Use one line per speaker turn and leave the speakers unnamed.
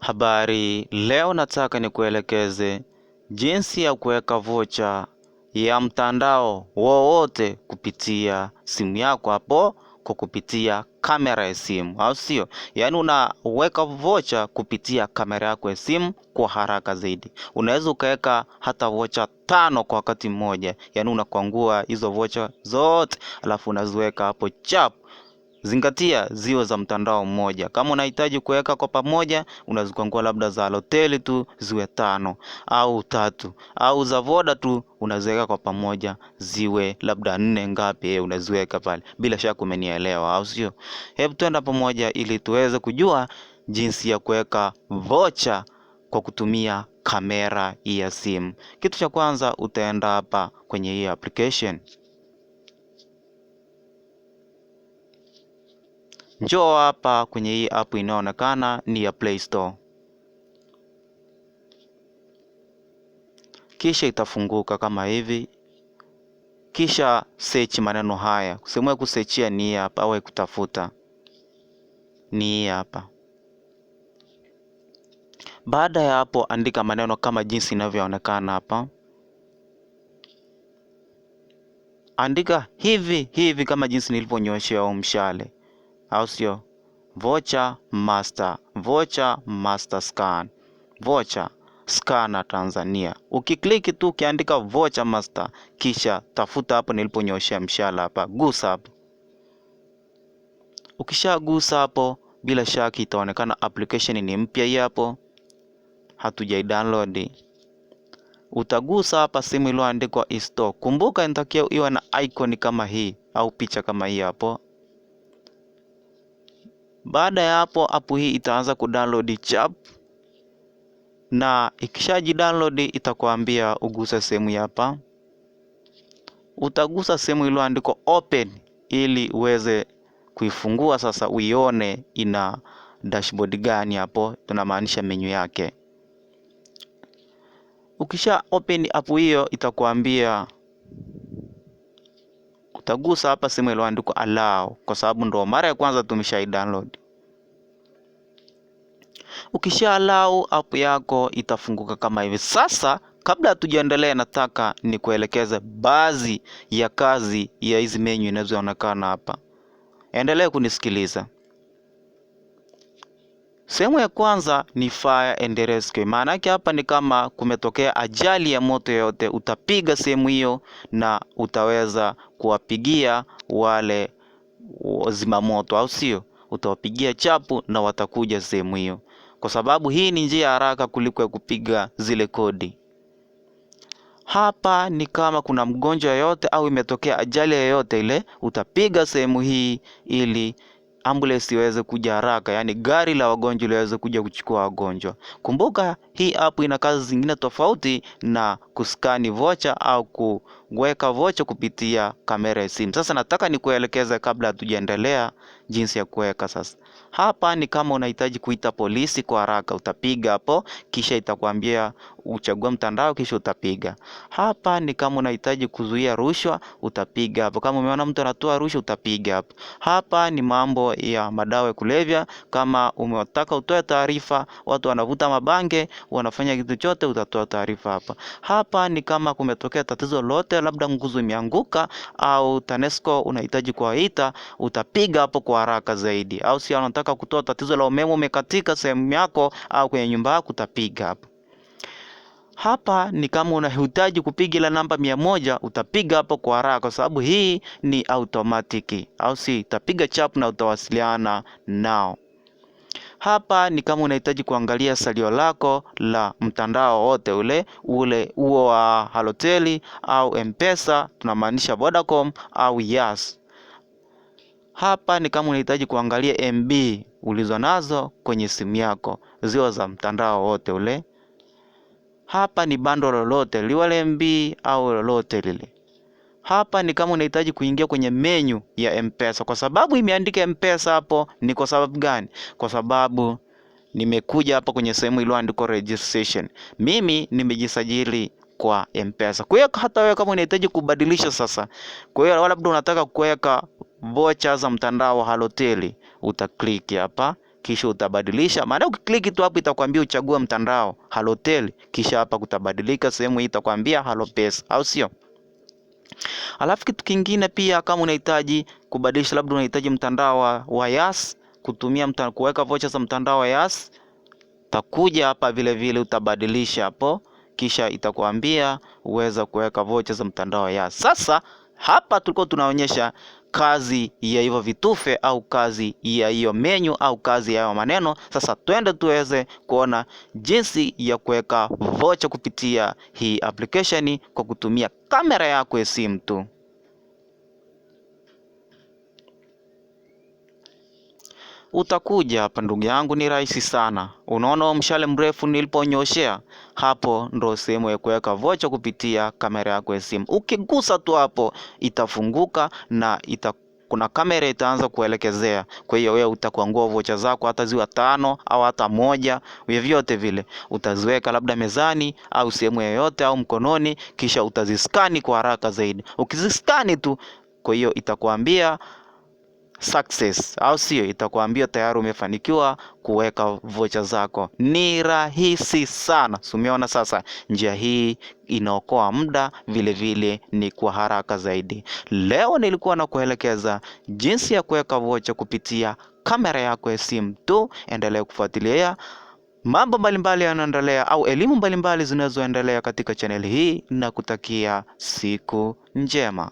Habari leo, nataka nikuelekeze jinsi ya kuweka vocha ya mtandao wowote kupitia simu yako hapo kwa kupitia kamera ya simu, au sio? Yaani unaweka vocha kupitia kamera yako ya simu kwa haraka zaidi. Unaweza ukaweka hata vocha tano kwa wakati mmoja, yaani unakwangua hizo vocha zote alafu unaziweka hapo chap Zingatia ziwe za mtandao mmoja. Kama unahitaji kuweka kwa pamoja, unazikangua labda za Halotel tu ziwe tano au tatu au za Voda tu unaziweka kwa pamoja ziwe labda nne ngapi, e, unaziweka pale. Bila shaka umenielewa, au sio? Hebu tuenda pamoja ili tuweze kujua jinsi ya kuweka vocha kwa kutumia kamera ya simu. Kitu cha kwanza utaenda hapa kwenye hii application. Mm. Njoo hapa kwenye hii app inayoonekana ni ya Play Store. Kisha itafunguka kama hivi, kisha search maneno haya. Sehemu ya kusechia ni hapa, au kutafuta ni hii hapa. Baada ya hapo, andika maneno kama jinsi inavyoonekana hapa. Andika hivi hivi kama jinsi nilivyonyoshea mshale au sio? Vocha master, vocha master scan, vocha Scanner Tanzania. Ukikliki tu ukiandika vocha master, kisha tafuta hapo niliponyoshea mshala hapa, gusa hapo. Ukishagusa hapo, bila shaka itaonekana application ni mpya hii hapo, hatujai download. Utagusa hapa simu iliyoandikwa install. Kumbuka inatakiwa iwe na icon kama hii au picha kama hii hapo baada ya hapo app hii itaanza kudownload chap na ikishaji download itakuambia ugusa sehemu ya hapa. Utagusa sehemu iliyoandikwa open ili uweze kuifungua sasa, uione ina dashboard gani hapo, tunamaanisha menyu yake. Ukisha open app hiyo itakuambia Utagusa hapa sehemu iliyoandikwa allow kwa sababu ndo mara ya kwanza tumesha download. Ukisha allow app yako itafunguka kama hivi. Sasa kabla hatujaendelea, nataka ni kuelekeza baadhi ya kazi ya hizi menyu inazoonekana hapa. Endelee kunisikiliza. Sehemu ya kwanza ni fire and rescue. Maana yake hapa ni kama kumetokea ajali ya moto yoyote, utapiga sehemu hiyo na utaweza kuwapigia wale wazimamoto au sio? Utawapigia chapu na watakuja sehemu hiyo, kwa sababu hii ni njia haraka kuliko ya kupiga zile kodi. Hapa ni kama kuna mgonjwa yoyote au imetokea ajali yoyote ile, utapiga sehemu hii ili ambulance iweze kuja haraka, yani gari la wagonjwa liweze kuja kuchukua wagonjwa. Kumbuka hii app ina kazi zingine tofauti na kuskani vocha au kuweka vocha kupitia kamera ya simu. Sasa nataka nikuelekeze, kabla hatujaendelea, jinsi ya kuweka sasa. Hapa ni kama unahitaji kuita polisi kwa haraka, utapiga hapo, kisha itakwambia uchague mtandao, kisha utapiga hapa. Ni kama unahitaji kuzuia rushwa, utapiga hapo. Kama umeona mtu anatoa rushwa, utapiga hapo. Hapa ni mambo ya madawa ya kulevya. Kama umetaka utoe taarifa, watu wanavuta mabange, wanafanya kitu chote, utatoa taarifa hapa. Hapa ni kama kumetokea tatizo lote, labda nguzo imeanguka au TANESCO unahitaji kuwaita, utapiga hapo kwa kwa haraka zaidi, au si anataka kutoa tatizo la umeme umekatika sehemu yako au kwenye nyumba yako, utapiga hapa. Hapa ni kama unahitaji kupiga ile namba mia moja, utapiga hapo kwa haraka, kwa sababu hii ni automatic, au si? Utapiga chap na utawasiliana nao. Hapa ni kama unahitaji kuangalia salio lako la mtandao wote ule ule huo wa Halotel au Mpesa, tunamaanisha Vodacom au Yas. Hapa ni kama unahitaji kuangalia MB ulizonazo kwenye simu yako, zio za mtandao wote ule. Hapa ni bando lolote liwe la MB au lolote lile. Hapa ni kama unahitaji kuingia kwenye menyu ya Mpesa. Kwa sababu imeandika Mpesa hapo, ni kwa sababu gani? Kwa sababu nimekuja hapa kwenye sehemu iliyoandikwa registration. Mimi nimejisajili kwa Mpesa. Kwa hiyo hata wewe kama unahitaji kubadilisha sasa, kwa hiyo labda unataka kuweka vocha za mtandao wa Halotel, utakliki hapa kisha utabadilisha. Maana ukikliki tu hapo itakwambia uchague mtandao Halotel, kisha hapa kutabadilika, sehemu hii itakwambia Halopesa, au sio? Alafu kitu kingine pia, kama unahitaji kubadilisha, labda unahitaji mtandao wa, wa Yas kutumia mta, kuweka vocha za mtandao wa Yas, takuja hapa vile vile utabadilisha hapo kisha itakuambia uweza kuweka vocha za mtandao ya sasa. Hapa tulikuwa tunaonyesha kazi ya hivyo vitufe au kazi ya hiyo menyu au kazi ya hayo maneno. Sasa twende tuweze kuona jinsi ya kuweka vocha kupitia hii application kwa kutumia kamera yako ya simu tu. utakuja hapa ndugu yangu, ni rahisi sana. Unaona mshale mrefu niliponyoshea hapo, ndo sehemu ya kuweka vocha kupitia kamera yako ya simu. Ukigusa tu hapo itafunguka na ita kuna kamera itaanza kuelekezea. Kwa hiyo wewe utakwangua vocha zako, hata ziwa tano au hata moja, vyovyote vile utaziweka labda mezani au sehemu yoyote au mkononi, kisha utaziskani kwa haraka zaidi. Ukiziskani tu, kwa hiyo itakuambia success au sio, itakuambia tayari umefanikiwa kuweka vocha zako. Ni rahisi sana, sumeona Sasa njia hii inaokoa muda, vilevile ni kwa haraka zaidi. Leo nilikuwa na kuelekeza jinsi ya kuweka vocha kupitia kamera yako ya simu tu. Endelea kufuatilia mambo mbalimbali yanayoendelea au elimu mbalimbali zinazoendelea katika chaneli hii, na kutakia siku njema.